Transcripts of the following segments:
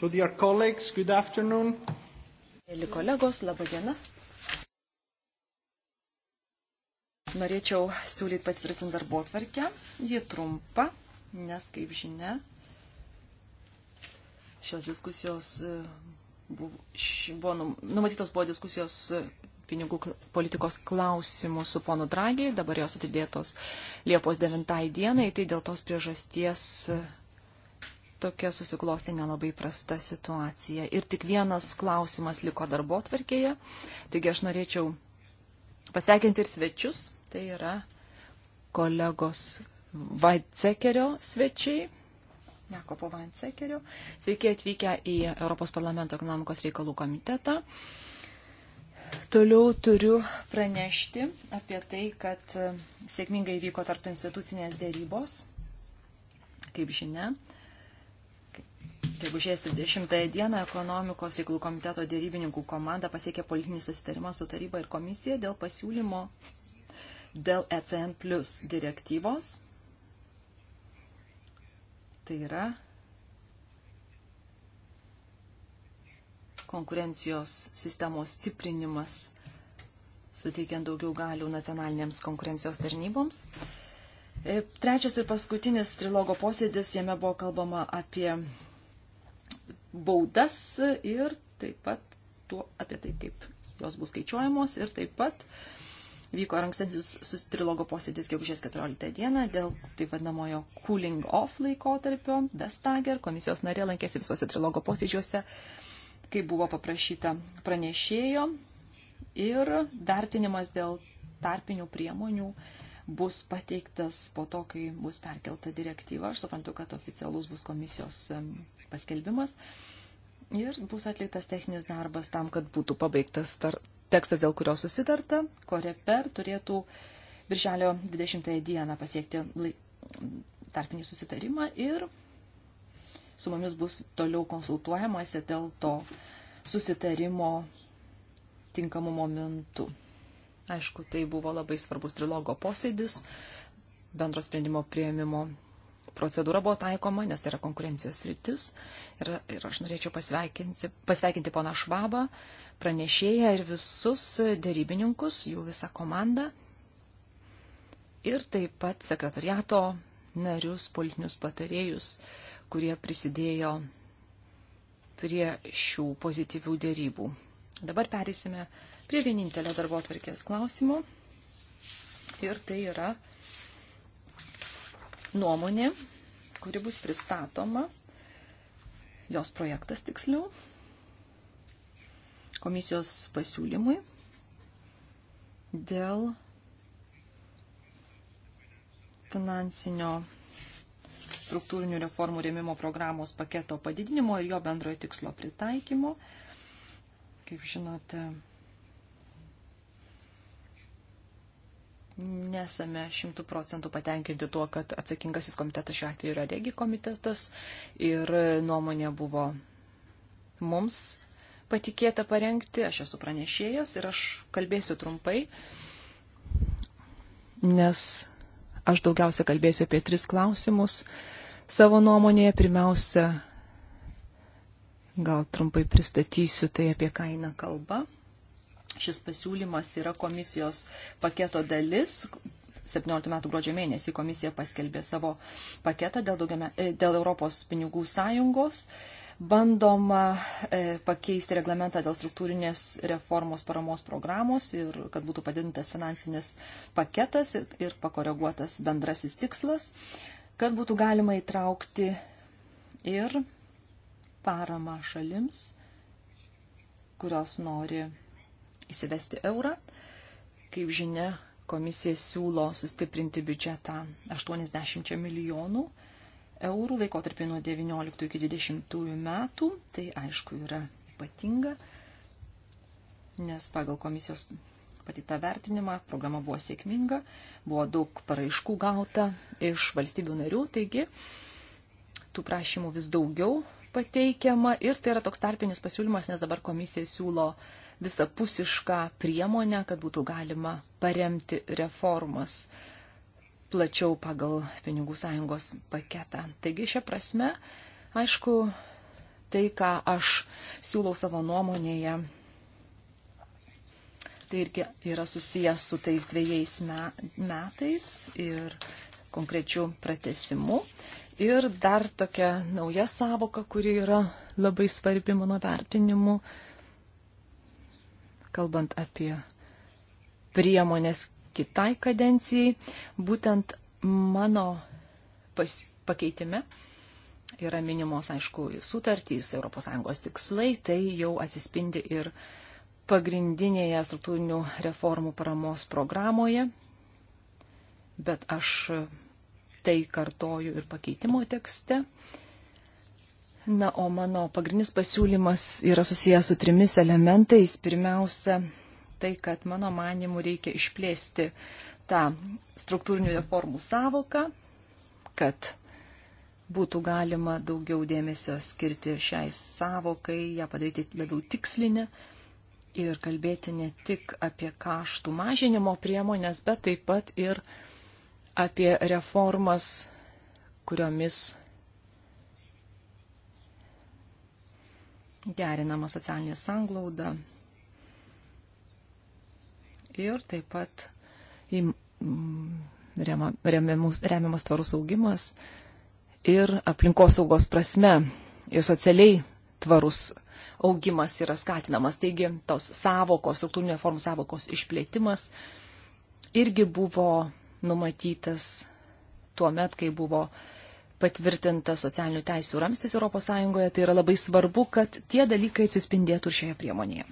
So dear colleagues, good afternoon. Mėly kolegos, laba diena. Norėčiau siūlyti patvirtinti darbo tvarkę. Ji trumpa, nes, kaip žinia, šios diskusijos e, buvo, ši, buvo numatytos buvo diskusijos e, pinigų politikos klausimų su ponu Dragiai, dabar jos atidėtos Liepos 9 dienai, tai dėl tos priežasties e, tokia susiklosti nelabai prasta situacija. Ir tik vienas klausimas liko darbo tvarkėje. Taigi aš norėčiau pasveikinti ir svečius. Tai yra kolegos Vaicekerio svečiai. Jakopo Vancekerio. Sveiki atvykę į Europos parlamento ekonomikos reikalų komitetą. Toliau turiu pranešti apie tai, kad sėkmingai vyko tarp institucinės dėrybos. Kaip žinia, gegužės 30 dieną ekonomikos reikalų komiteto dėrybininkų komanda pasiekė politinį susitarimą su taryba ir komisija dėl pasiūlymo dėl ECN plus direktyvos. Tai yra konkurencijos sistemos stiprinimas, suteikiant daugiau galių nacionalinėms konkurencijos tarnyboms. E, trečias ir paskutinis trilogo posėdis, jame buvo kalbama apie baudas ir taip pat tuo apie tai, kaip jos bus skaičiuojamos ir taip pat vyko ir ankstesnis trilogo posėdis gegužės 14 dieną dėl taip vadinamojo cooling off laikotarpio. Vestager komisijos narė lankėsi visose trilogo posėdžiuose, kai buvo paprašyta pranešėjo ir vertinimas dėl tarpinių priemonių uh, bus pateiktas po to, kai bus perkelta direktyva. Aš suprantu, kad oficialus bus komisijos paskelbimas ir bus atliktas techninis darbas tam, kad būtų pabaigtas tar... tekstas, dėl kurio susitarta. Koreper turėtų birželio 20 dieną pasiekti lai... tarpinį susitarimą ir su mumis bus toliau konsultuojamasi dėl to susitarimo tinkamų momentų. Aišku, tai buvo labai svarbus trilogo posėdis, bendro sprendimo prieimimo procedūra buvo taikoma, nes tai yra konkurencijos rytis. Ir, ir aš norėčiau pasveikinti, pasveikinti pana Švabą, pranešėją ir visus dėrybininkus, jų visą komandą. Ir taip pat sekretariato narius, politinius patarėjus, kurie prisidėjo prie šių pozityvių dėrybų. Dabar perėsime prie vienintelio darbo atvarkės klausimo. Ir tai yra nuomonė, kuri bus pristatoma, jos projektas tiksliau, komisijos pasiūlymui dėl finansinio struktūrinių reformų rėmimo programos paketo padidinimo ir jo bendrojo tikslo pritaikymo. Kaip žinote, nesame šimtų procentų patenkinti tuo, kad atsakingasis komitetas šiuo atveju yra regi komitetas ir nuomonė buvo mums patikėta parengti, aš esu pranešėjas ir aš kalbėsiu trumpai, nes aš daugiausia kalbėsiu apie tris klausimus savo nuomonėje. Pirmiausia, gal trumpai pristatysiu tai, apie ką eina kalba. Šis pasiūlymas yra komisijos paketo dalis. 17 metų gruodžio mėnesį komisija paskelbė savo paketą dėl, daugiame, e, dėl Europos pinigų sąjungos. Bandoma e, pakeisti reglamentą dėl struktūrinės reformos paramos programos ir kad būtų padidintas finansinis paketas ir, ir pakoreguotas bendrasis tikslas, kad būtų galima įtraukti ir paramą šalims, kurios nori įsivesti eurą. Kaip žinia, komisija siūlo sustiprinti biudžetą 80 milijonų eurų laikotarpį nuo 19 iki 20 metų. Tai aišku yra ypatinga, nes pagal komisijos patitą vertinimą programa buvo sėkminga, buvo daug paraiškų gauta iš valstybių narių, taigi tų prašymų vis daugiau pateikiama ir tai yra toks tarpinis pasiūlymas, nes dabar komisija siūlo uh, visapusišką priemonę, kad būtų galima paremti reformas plačiau pagal pinigų sąjungos paketą. Taigi šią prasme, aišku, tai, ką aš siūlau savo nuomonėje, tai irgi yra susijęs su tais dviejais metais ir konkrečių pratesimu. Ir dar tokia nauja savoka, kuri yra labai svarbi mano vertinimu, kalbant apie priemonės kitai kadencijai, būtent mano pas, pakeitime yra minimos, aišku, sutartys, ES tikslai, tai jau atsispindi ir pagrindinėje struktūrinių reformų paramos programoje, bet aš tai kartoju ir pakeitimo tekste. Na, o mano pagrindinis pasiūlymas yra susijęs su trimis elementais. Pirmiausia, tai, kad mano manimu reikia išplėsti tą struktūrinių reformų savoką, kad būtų galima daugiau dėmesio skirti šiai savokai, ją padaryti labiau tikslinę ir kalbėti ne tik apie kaštų mažinimo priemonės, bet taip pat ir apie reformas, kuriomis gerinama socialinė sanglauda ir taip pat remiamas tvarus augimas ir aplinkosaugos prasme ir socialiai tvarus augimas yra skatinamas. Taigi tos savokos, struktūrinio formų savokos išplėtimas irgi buvo numatytas tuo met, kai buvo uh, patvirtintas socialinių teisų ramstis ES, tai yra labai svarbu, kad tie dalykai atsispindėtų ir šioje priemonėje.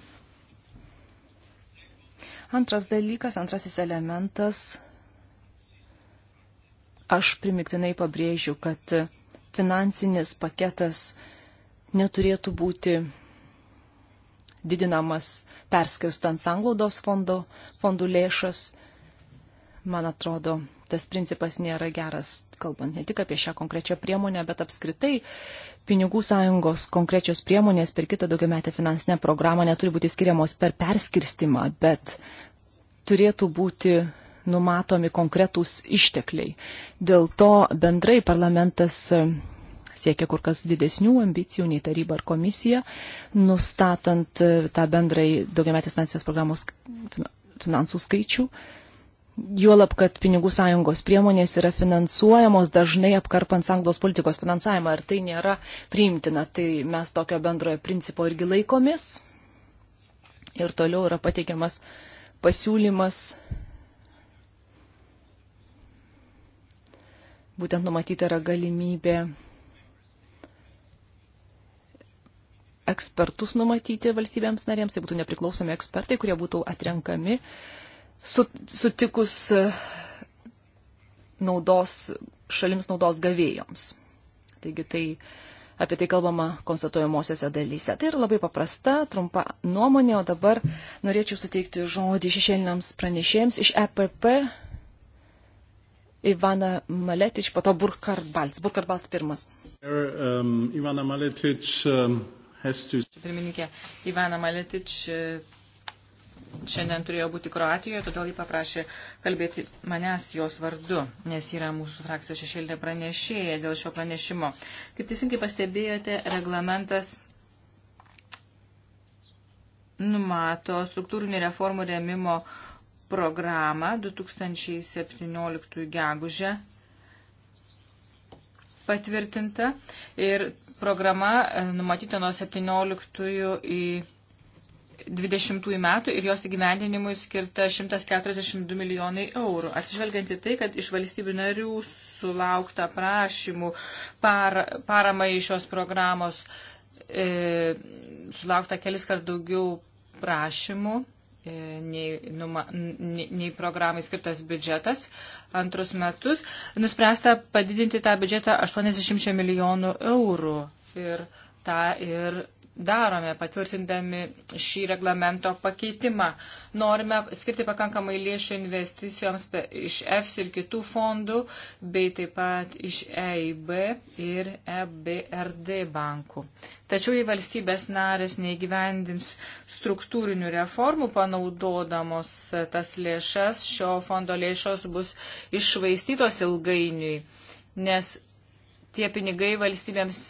Antras dalykas, antrasis elementas, aš primiktinai pabrėžiu, kad finansinis paketas neturėtų būti didinamas perskirstant sanglaudos fondų, fondų lėšas. Man atrodo, tas principas nėra geras, kalbant ne tik apie šią konkrečią priemonę, bet apskritai pinigų sąjungos konkrečios priemonės per kitą daugiametę finansinę programą neturi būti skiriamos per perskirstimą, bet turėtų būti numatomi konkretūs ištekliai. Dėl to bendrai parlamentas e, siekia kur kas didesnių ambicijų nei taryba ar komisija, nustatant e, tą bendrai daugiametės finansinės programos finansų skaičių. Uh, Juolab, kad pinigų sąjungos priemonės yra finansuojamos dažnai apkarpant sanglos politikos finansavimą ir tai nėra priimtina. Tai mes tokio bendrojo principo irgi laikomis. Ir toliau yra pateikiamas pasiūlymas būtent numatyta yra galimybė ekspertus numatyti valstybėms narėms, tai būtų nepriklausomi ekspertai, kurie būtų atrenkami uh, sutikus e, naudos, šalims naudos gavėjoms. Taigi tai apie tai kalbama konstatuojamosiose dalyse. Tai yra labai paprasta, trumpa nuomonė, o dabar norėčiau suteikti žodį šešėliniams pranešėjams iš EPP Ivana Maletič, po to Burkhard Balts. Burkhard Balts pirmas. Um, Ivana Maletič. Um... Pirmininkė Ivana Maletič šiandien turėjo būti Kroatijoje, todėl jį paprašė kalbėti manęs jos vardu, nes yra mūsų frakcijos šešėlė pranešėja dėl šio pranešimo. Kaip teisingai pastebėjote, reglamentas numato struktūrinį reformų rėmimo programą 2017 gegužę patvirtinta ir programa numatyta nuo 17 į 20 metų ir jos įgyvendinimui skirta 142 milijonai eurų. Atsižvelgiant į tai, kad iš valstybių narių sulaukta prašymų par, paramai šios programos e, sulaukta kelis kart daugiau prašymų e, nei, numa, nei, nei programai skirtas biudžetas antrus metus, nuspręsta padidinti tą biudžetą 80 milijonų eurų. Ir tą ir darome, patvirtindami šį reglamento pakeitimą. Norime skirti pakankamai lėšų investicijoms iš EFS ir kitų fondų, bei taip pat iš EIB ir EBRD bankų. Tačiau jei valstybės narės neįgyvendins struktūrinių reformų, panaudodamos tas lėšas, šio fondo lėšos bus išvaistytos ilgainiui, nes tie pinigai valstybėms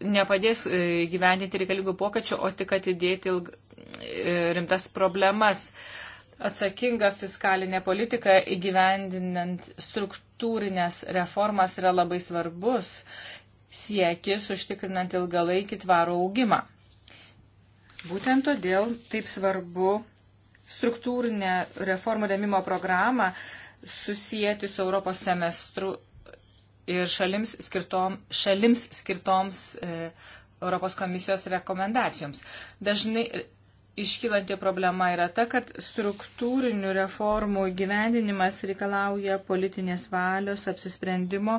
nepadės e, gyvendinti reikalingų pokyčių, o tik atidėti ilg... E, rimtas problemas. Atsakinga fiskalinė politika įgyvendinant struktūrinės reformas yra labai svarbus siekis užtikrinant ilgalaikį tvarų augimą. Būtent todėl taip svarbu struktūrinę reformų remimo programą susijęti su Europos semestru ir šalims, skirtom, šalims skirtoms e, Europos komisijos rekomendacijoms. Dažnai iškylanti problema yra ta, kad struktūrinių reformų gyvendinimas reikalauja politinės valios, apsisprendimo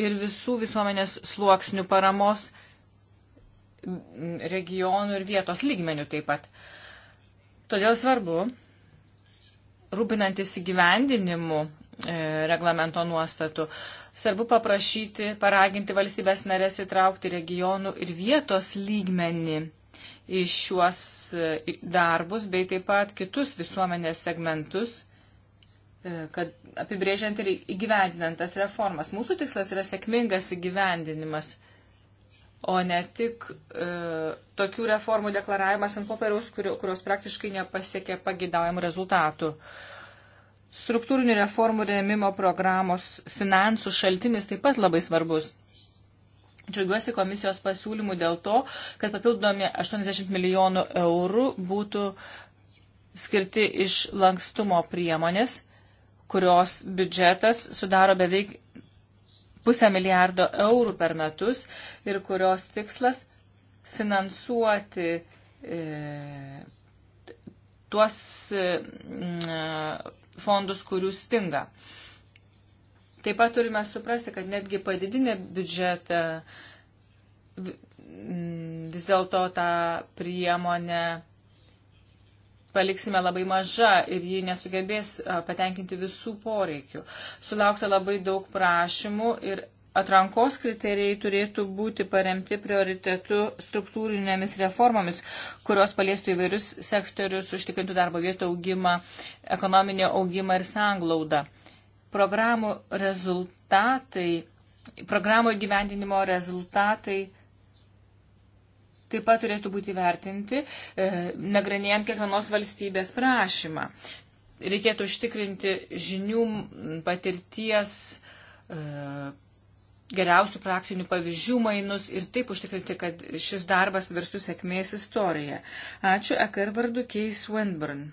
ir visų visuomenės sluoksnių paramos regionų ir vietos lygmenių taip pat. Todėl svarbu, rūpinantis įgyvendinimu E, reglamento nuostatų. Svarbu paprašyti, paraginti valstybės narės įtraukti regionų ir vietos lygmenį į šiuos e, darbus, bei taip pat kitus visuomenės segmentus, e, kad apibrėžiant ir įgyvendinant tas reformas. Mūsų tikslas yra sėkmingas įgyvendinimas, o ne tik e, tokių reformų deklaravimas ant popieriaus, kurios praktiškai nepasiekia pagidaujamų rezultatų. E, Struktūrinių reformų rėmimo programos finansų šaltinis taip pat labai svarbus. Džiaugiuosi komisijos pasiūlymų dėl to, kad papildomi 80 milijonų eurų būtų skirti iš lankstumo priemonės, kurios biudžetas sudaro beveik pusę milijardo eurų per metus ir kurios tikslas finansuoti e, tuos e, fondus, kurių stinga. Taip pat turime suprasti, kad netgi padidinę biudžetą vis dėlto tą priemonę paliksime labai maža ir ji nesugebės patenkinti visų poreikių. Sulaukta labai daug prašymų ir atrankos kriterijai turėtų būti paremti prioritetu struktūrinėmis reformomis, kurios paliestų įvairius sektorius, užtikrintų darbo vietų augimą, ekonominį augimą ir sanglaudą. Programų rezultatai, programų gyvendinimo rezultatai taip pat turėtų būti vertinti, e, nagrinėjant kiekvienos valstybės prašymą. Reikėtų užtikrinti žinių, patirties, e, geriausių praktinių pavyzdžių mainus ir taip užtikrinti, kad šis darbas virstų sėkmės istoriją. Ačiū Ekar vardu Keis Wenburn.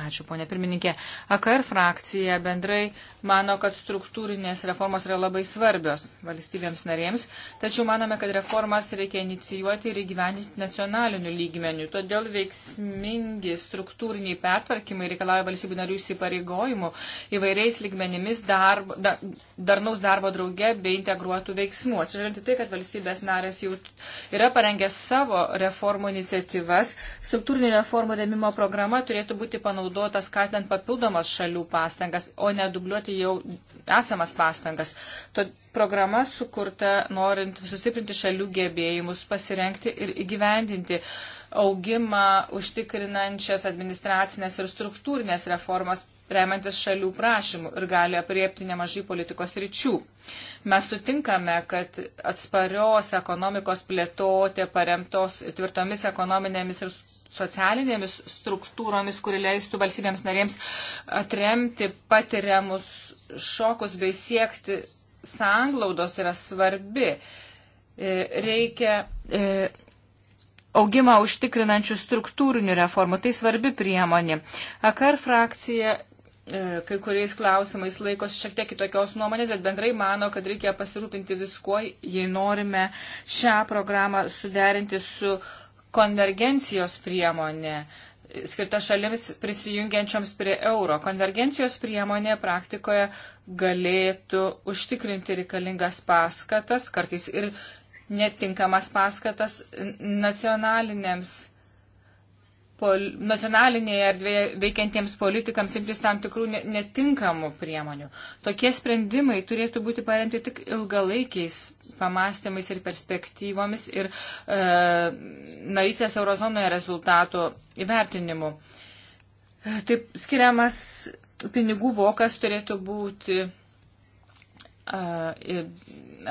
Ačiū, ponė pirmininkė. AKR frakcija bendrai mano, kad struktūrinės reformos yra labai svarbios valstybėms narėms, tačiau manome, kad reformas reikia inicijuoti ir įgyvendinti nacionaliniu lygmeniu. Todėl veiksmingi struktūriniai pertvarkymai reikalauja valstybių narių įsipareigojimų įvairiais lygmenimis darbo, da, darnaus darbo drauge bei integruotų veiksmų. Atsižvelgiant į tai, kad valstybės narės jau yra parengę savo reformų iniciatyvas, struktūrinių reformų remimo programa turėtų būti panaudojama panaudotas skatinant papildomas šalių pastangas, o ne dubliuoti jau esamas pastangas. Tad programa sukurta norint sustiprinti šalių gebėjimus, pasirenkti ir įgyvendinti augimą užtikrinančias administracinės ir struktūrinės reformas remiantis šalių prašymų ir gali apriepti nemažai politikos ryčių. Mes sutinkame, kad atsparios ekonomikos plėtotė paremtos tvirtomis ekonominėmis ir socialinėmis struktūromis, kuri leistų valstybėms narėms atremti patiriamus šokus bei siekti sanglaudos yra svarbi. E, reikia e, augimą užtikrinančių struktūrinių reformų. Tai svarbi priemonė. AKR frakcija E, kai kuriais klausimais laikosi šiek tiek kitokios nuomonės, bet bendrai mano, kad reikia pasirūpinti viskuo, jei norime šią programą suderinti su konvergencijos priemonė skirta šalims prisijungiančioms prie euro. Konvergencijos priemonė praktikoje galėtų užtikrinti reikalingas paskatas, kartais ir netinkamas paskatas nacionalinėms pol, nacionalinėje erdvėje veikiantiems politikams imtis tam tikrų netinkamų priemonių. Tokie sprendimai turėtų būti paremti tik ilgalaikiais pamastymais ir perspektyvomis ir e, narysės eurozonoje rezultatų įvertinimu. Taip skiriamas pinigų vokas turėtų būti e,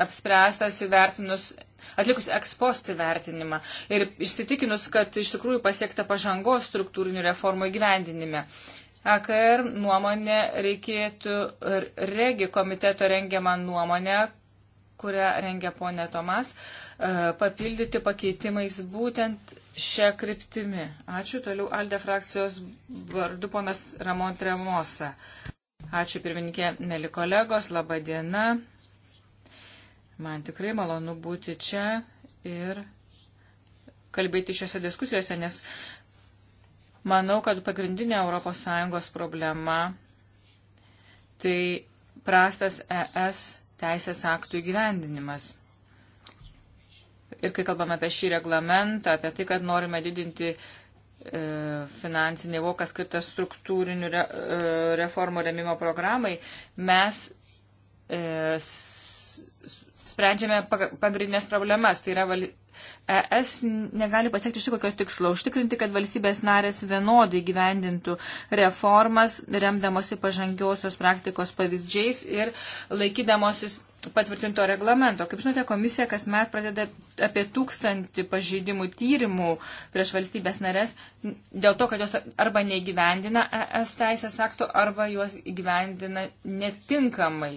apspręstas įvertinus atlikus ekspostį vertinimą ir išsitikinus, kad iš tikrųjų pasiekta pažangos struktūrinių reformų įgyvendinime. AKR nuomonė reikėtų regi komiteto rengiamą nuomonę, kurią rengia ponė Tomas, e, papildyti pakeitimais būtent šią kryptimį. Ačiū toliau Alde frakcijos vardu ponas Ramon Tremosa. Ačiū pirmininkė, mėly kolegos, laba diena. Man tikrai malonu būti čia ir kalbėti šiuose diskusijose, nes manau, kad pagrindinė ES problema tai prastas ES teisės aktų įgyvendinimas. Ir kai kalbame apie šį reglamentą, apie tai, kad norime didinti e, finansinį voką skirtą struktūrinių re, e, reformų remimo programai, mes e, sprendžiame pagrindinės problemas. Tai yra, ES negali pasiekti iš kokio tikslo užtikrinti, kad valstybės narės vienodai gyvendintų reformas, remdamosi pažangiausios praktikos pavyzdžiais ir laikydamosis patvirtinto reglamento. Kaip žinote, komisija kasmet pradeda apie tūkstantį pažeidimų tyrimų prieš valstybės narės dėl to, kad jos arba neįgyvendina ES teisės akto, arba juos įgyvendina netinkamai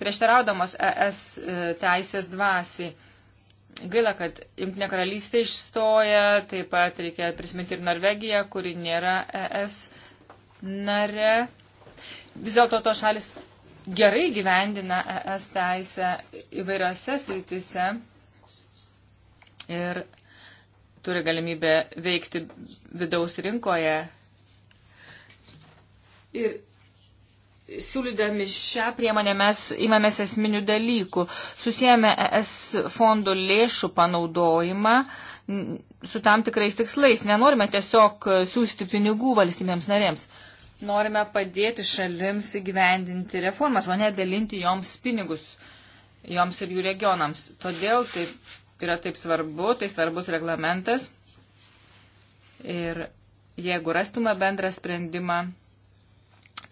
prieštaraudamos ES e, teisės dvasi. Gaila, kad Junktinė karalystė išstoja, taip pat reikia prisiminti ir Norvegiją, kuri nėra ES nare. Vis dėlto to šalis gerai gyvendina ES teisę įvairiose srityse ir turi galimybę veikti vidaus rinkoje. Ir Siūlydami šią priemonę mes imamės esminių dalykų. Susijame ES fondo lėšų panaudojimą su tam tikrais tikslais. Nenorime tiesiog siūsti pinigų valstybėms narėms. Norime padėti šalims įgyvendinti reformas, o ne dalinti joms pinigus, joms ir jų regionams. Todėl tai yra taip svarbu, tai svarbus reglamentas. Ir jeigu rastume bendrą sprendimą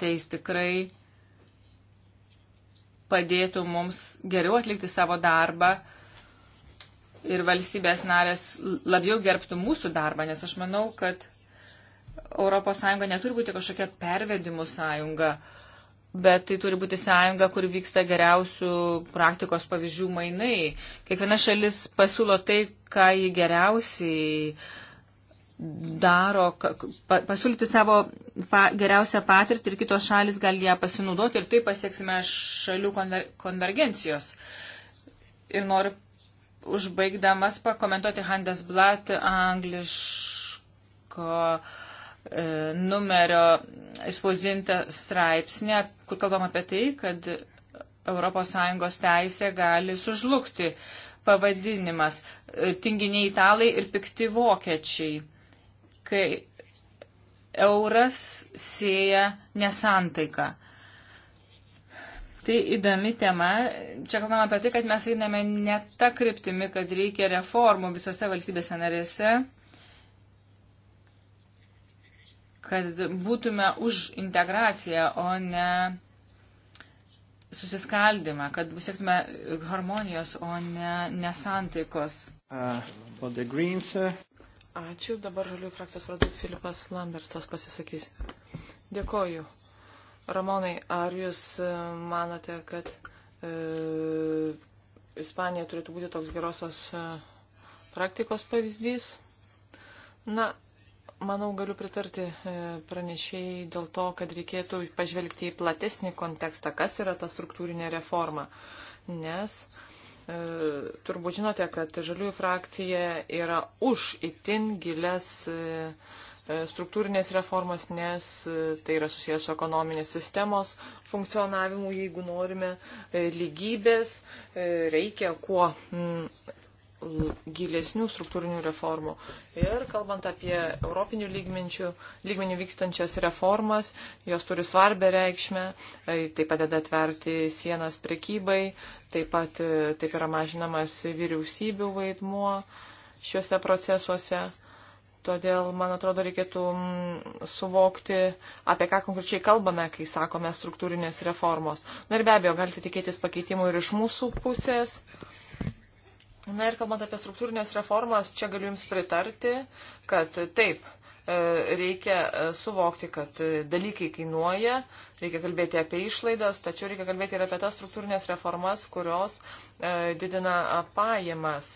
tai jis tikrai padėtų mums geriau atlikti savo darbą ir valstybės narės labiau gerbtų mūsų darbą, nes aš manau, kad ES neturi būti kažkokia pervedimų sąjunga, bet tai turi būti sąjunga, kur vyksta geriausių praktikos pavyzdžių mainai. Kiekviena šalis pasiūlo tai, ką jį geriausiai uh, daro, pasiūlyti savo pa, geriausią patirtį ir kitos šalis gali ją pasinaudoti ir taip pasieksime šalių konver, konvergencijos. Ir noriu užbaigdamas pakomentuoti Handelsblatt angliško e, numerio išspausdintą straipsnį, kur kalbam apie tai, kad ES teisė gali sužlugti pavadinimas e, tinginiai italai ir pikti vokiečiai kai euras sieja nesantaiką. Tai įdomi tema. Čia kalbame apie tai, kad mes einame ne tą kryptimį, kad reikia reformų visose valstybėse narėse, kad būtume už integraciją, o ne susiskaldimą, kad siektume harmonijos, o ne nesantaikos. Uh, Ačiū. Dabar žalių frakcijos vardu Filipas Lambertsas pasisakys. Dėkoju. Ramonai, ar jūs e, manote, kad e, Ispanija turėtų būti toks gerosios e, praktikos pavyzdys? Na, manau, galiu pritarti e, pranešėjai dėl to, kad reikėtų pažvelgti į platesnį kontekstą, kas yra ta struktūrinė reforma. Nes e, E, turbūt žinote, kad žaliųjų frakcija yra už itin giles e, e, struktūrinės reformas, nes tai yra susijęs su ekonominės sistemos funkcionavimu. Jeigu norime lygybės, reikia kuo gilesnių struktūrinių reformų. Ir kalbant apie europinių lygmenčių, lygmenių vykstančias reformas, jos turi svarbę reikšmę, e, tai padeda atverti sienas prekybai, taip pat e, taip yra mažinamas vyriausybių vaidmuo šiuose procesuose. Todėl, man atrodo, reikėtų mm, suvokti, apie ką konkrečiai kalbame, kai sakome struktūrinės reformos. Na ir be abejo, galite tikėtis pakeitimų ir iš mūsų pusės. Na ir kalbant apie struktūrinės reformas, čia galiu Jums pritarti, kad taip, e, reikia e, suvokti, kad e, dalykai kainuoja, reikia kalbėti apie išlaidas, tačiau reikia kalbėti ir apie tas struktūrinės reformas, kurios didina pajamas.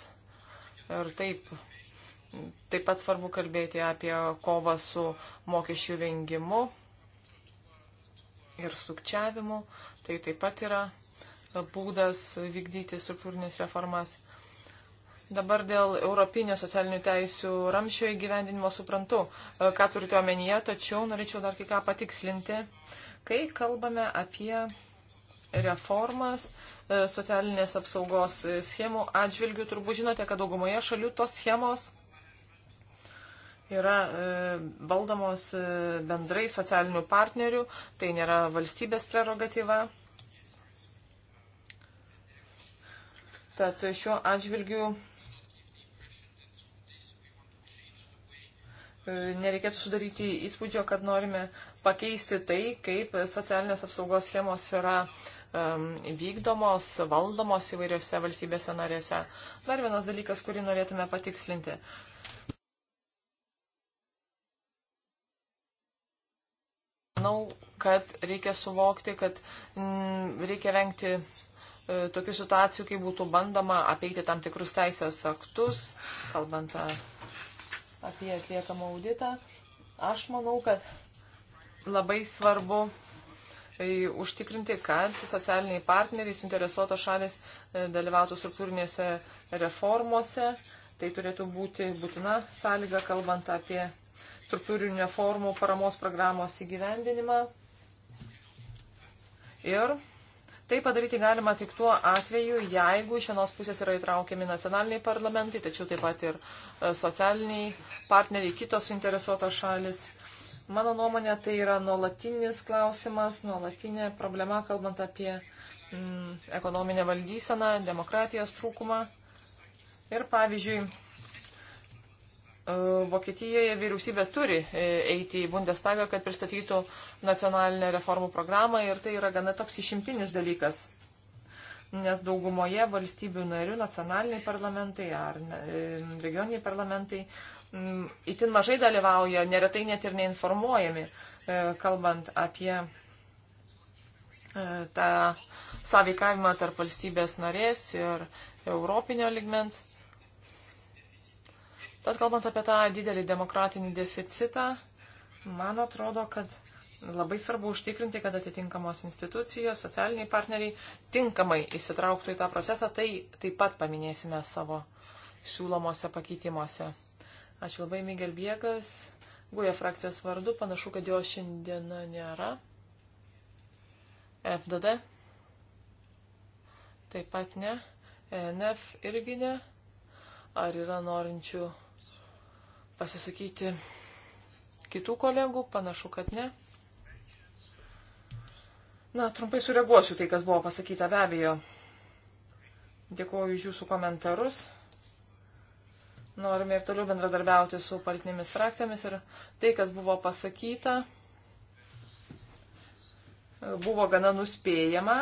Ir taip, taip pat svarbu kalbėti apie kovą su mokesčių vengimu ir sukčiavimu. Tai taip pat yra būdas vykdyti struktūrinės reformas. Dabar dėl Europinio socialinių teisių ramšio įgyvendinimo suprantu, e, ką turite omenyje, tačiau norėčiau dar kai ką patikslinti. Kai kalbame apie reformas e, socialinės apsaugos schemų atžvilgių, turbūt žinote, kad daugumoje šalių tos schemos yra e, valdomos bendrai socialinių partnerių, tai nėra valstybės prerogatyva. Tad šiuo atžvilgiu E, nereikėtų sudaryti įspūdžio, kad norime pakeisti tai, kaip socialinės apsaugos schemos yra um, vykdomos, valdomos įvairiose valstybėse narėse. Dar vienas dalykas, kurį norėtume patikslinti. Manau, kad reikia suvokti, kad m, mm, reikia vengti e, tokių situacijų, kai būtų bandoma apeiti tam tikrus teisės aktus, kalbant e, apie atliekamą auditą. Aš manau, kad labai svarbu e, užtikrinti, kad socialiniai partneriai, suinteresuotos šalis e, dalyvautų struktūrinėse reformose. Tai turėtų būti būtina sąlyga, kalbant apie struktūrinių reformų paramos programos įgyvendinimą. Ir Tai padaryti galima tik tuo atveju, jeigu iš vienos pusės yra įtraukiami nacionaliniai parlamentai, tačiau taip pat ir e, socialiniai partneriai, kitos suinteresuotos šalis. Mano nuomonė, tai yra nuolatinis klausimas, nuolatinė problema, kalbant apie mm, ekonominę valdyseną, demokratijos trūkumą. Ir pavyzdžiui, E, Vokietijoje vyriausybė turi e, eiti į Bundestagą, kad pristatytų nacionalinę reformų programą ir tai yra gana toks išimtinis dalykas. Nes daugumoje valstybių narių nacionaliniai parlamentai ar e, regioniniai parlamentai itin mažai dalyvauja, neretai net ir neinformuojami, kalbant apie tą sąveikavimą tarp valstybės narės ir europinio ligmens. Bet kalbant apie tą didelį demokratinį deficitą, man atrodo, kad labai svarbu užtikrinti, kad atitinkamos institucijos, socialiniai partneriai tinkamai įsitrauktų į tą procesą. Tai taip pat paminėsime savo siūlomose pakeitimuose. Ačiū labai, Miguel Biegas. Guja frakcijos vardu, panašu, kad jo šiandieną nėra. FDD. Taip pat ne. ENF irgi ne. Ar yra norinčių pasisakyti kitų kolegų? Panašu, kad ne. Na, trumpai sureaguosiu tai, kas buvo pasakyta be abejo. Dėkuoju už jūsų komentarus. Norime ir toliau bendradarbiauti su politinėmis frakcijomis ir tai, kas buvo pasakyta, buvo gana nuspėjama.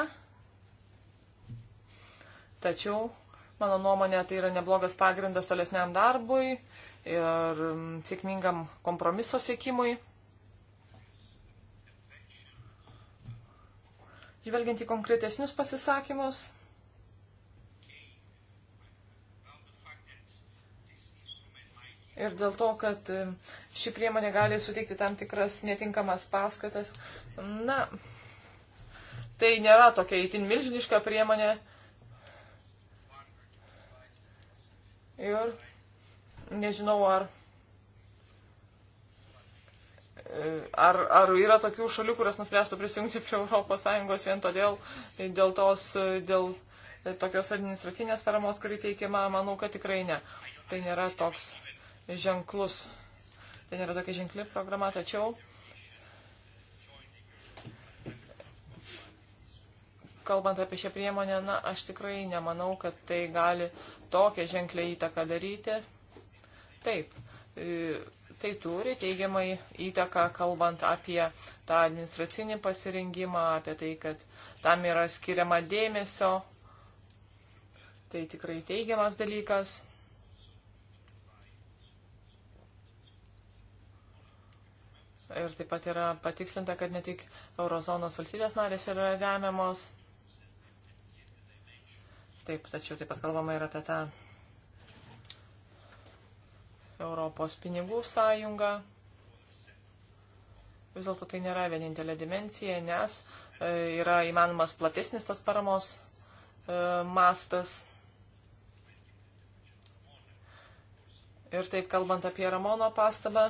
Tačiau, mano nuomonė, tai yra neblogas pagrindas tolesniam darbui ir mm, sėkmingam kompromiso siekimui. Žvelgiant į konkretesnius pasisakymus, Ir dėl to, kad mm, ši priemonė gali suteikti tam tikras netinkamas paskatas, na, tai nėra tokia įtin milžiniška priemonė. Ir Nežinau, ar, ar, ar yra tokių šalių, kurios nuspręstų prisijungti prie ES vien todėl, dėl tos, dėl tokios administracinės paramos, kuri teikiama, manau, kad tikrai ne. Tai nėra toks ženklus, tai nėra tokia ženkli programa, tačiau kalbant apie šią priemonę, na, aš tikrai nemanau, kad tai gali tokią ženklę įtaką daryti. Taip, e, tai turi teigiamai įtaką, kalbant apie tą administracinį pasirengimą, apie tai, kad tam yra skiriama dėmesio. Tai tikrai teigiamas dalykas. Ir taip pat yra patikslinta, kad ne tik eurozonos valstybės narės yra remiamos. Taip, tačiau taip pat kalbama ir apie tą Europos pinigų sąjungą. Vis dėlto tai nėra vienintelė dimencija, nes e, yra įmanomas platesnis tas paramos e, mastas. Ir taip kalbant apie Ramono pastabą,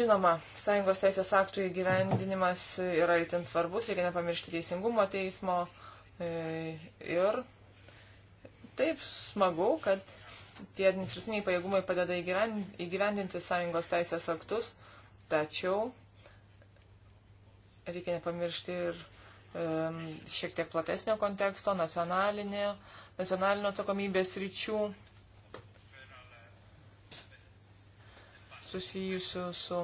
žinoma, sąjungos teisės aktų įgyvendinimas yra itin svarbus, reikia nepamiršti teisingumo teismo. E, ir taip smagu, kad tie administraciniai pajėgumai padeda įgyvendinti sąjungos teisės aktus, tačiau reikia nepamiršti ir um, šiek tiek platesnio konteksto, nacionalinio, nacionalinio atsakomybės ryčių susijusių su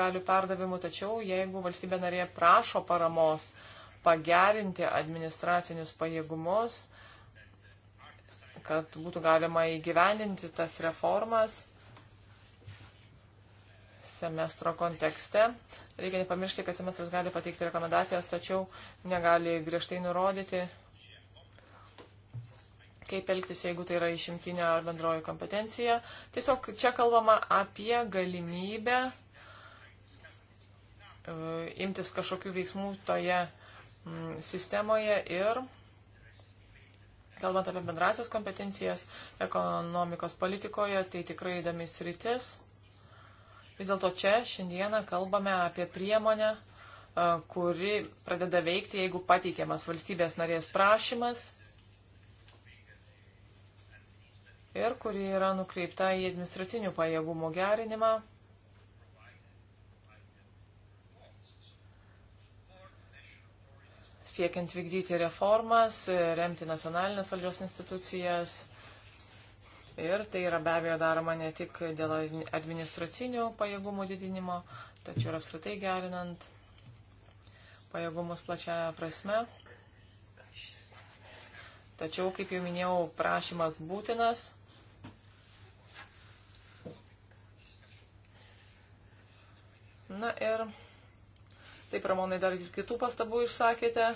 galių perdavimu. Tačiau jeigu valstybė narė prašo paramos pagerinti administracinius pajėgumus, kad būtų galima įgyvendinti tas reformas semestro kontekste. Reikia nepamiršti, kad semestras gali pateikti rekomendacijas, tačiau negali griežtai nurodyti, kaip elgtis, jeigu tai yra išimtinė ar bendroji kompetencija. Tiesiog čia kalbama apie galimybę e, imtis kažkokių veiksmų toje sistemoje ir Kalbant apie bendrasias kompetencijas ekonomikos politikoje, tai tikrai įdomis rytis. Vis dėlto čia šiandieną kalbame apie priemonę, e, kuri pradeda veikti, jeigu pateikiamas valstybės narės prašymas ir kuri yra nukreipta į administracinių pajėgumų gerinimą siekiant vykdyti reformas, remti nacionalinės valdžios institucijas. Ir tai yra be abejo daroma ne tik dėl administracinių pajėgumų didinimo, tačiau ir apskritai gerinant pajėgumus plačiaja prasme. Tačiau, kaip jau minėjau, prašymas būtinas. Na ir Taip, Ramonai, dar ir kitų pastabų išsakėte.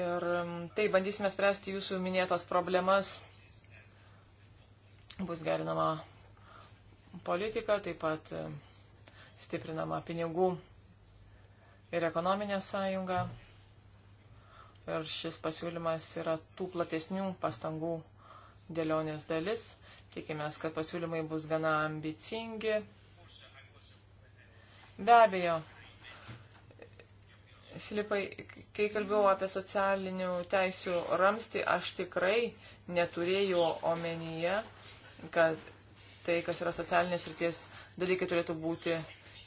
Ir tai bandysime spręsti jūsų minėtas problemas. Bus gerinama politika, taip pat mm, stiprinama pinigų ir ekonominė sąjunga. Ir šis pasiūlymas yra tų platesnių pastangų dėlionės dalis. Tikimės, kad pasiūlymai bus gana ambicingi. Be abejo, Filipai, kai kalbėjau apie socialinių teisių ramstį, aš tikrai neturėjau omenyje, kad tai, kas yra socialinės ryties dalykai, turėtų būti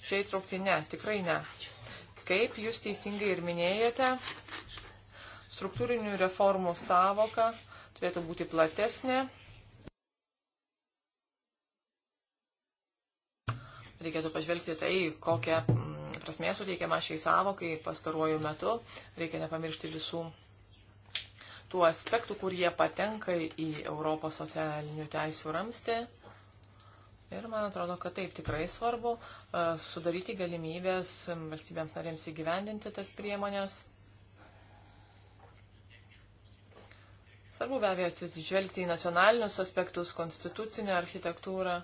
čia įtraukti. Ne, tikrai ne. Kaip jūs teisingai ir minėjote, struktūrinių reformų savoka turėtų būti platesnė Reikėtų pažvelgti tai, kokią mm, prasmė suteikiama šiai savokai pastaruoju metu. Reikia nepamiršti visų tų aspektų, kurie patenka į Europos socialinių teisų ramstį. Ir man atrodo, kad taip tikrai svarbu e, sudaryti galimybės valstybėms narėms įgyvendinti tas priemonės. Svarbu be abejo atsižvelgti į nacionalinius aspektus, konstitucinę architektūrą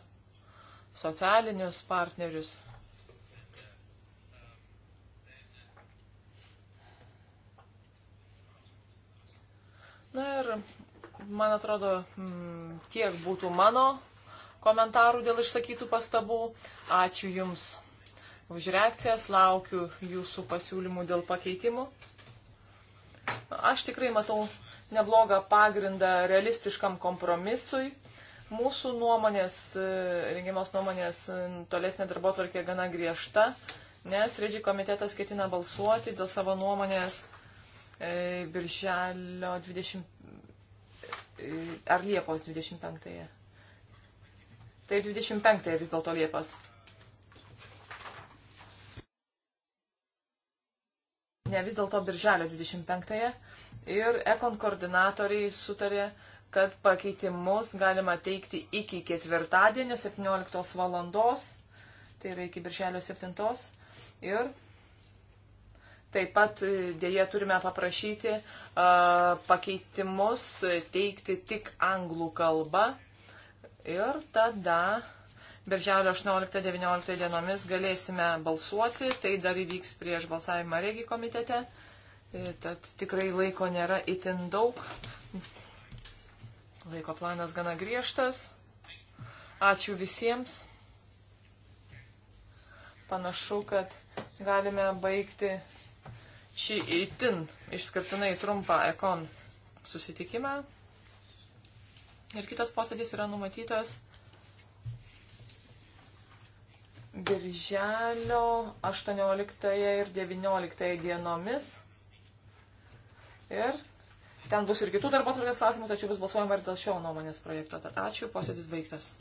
socialinius partnerius. Na ir, man atrodo, mm, tiek būtų mano komentarų dėl išsakytų pastabų. Ačiū Jums už reakcijas, laukiu Jūsų pasiūlymų dėl pakeitimų. Aš tikrai matau neblogą pagrindą realistiškam kompromisui Mūsų nuomonės, e, rengimos nuomonės e, tolesnė darbo tvarkė gana griežta, nes Redži komitetas ketina balsuoti dėl savo nuomonės e, birželio 20 e, ar Liepos 25. Tai 25 vis dėlto Liepos. Ne, vis dėlto birželio 25. Ir ekon koordinatoriai sutarė, kad pakeitimus galima teikti iki ketvirtadienio 17 valandos, tai yra iki birželio 7. Ir taip pat e, dėje turime paprašyti uh, pakeitimus teikti tik anglų kalbą. Ir tada birželio 18-19 dienomis galėsime balsuoti. Tai dar įvyks prieš balsavimą regi komitete. E, tad tikrai laiko nėra itin daug. Laiko planas gana griežtas. Ačiū visiems. Panašu, kad galime baigti šį įtin išskirtinai trumpą ekon susitikimą. Ir kitas posėdis yra numatytas birželio 18 ir 19 dienomis. Ir Ten bus ir kitų darbo tvarkės klausimų, tačiau bus balsuojama ir dėl šio nuomonės projekto. Tad ačiū, posėdis baigtas.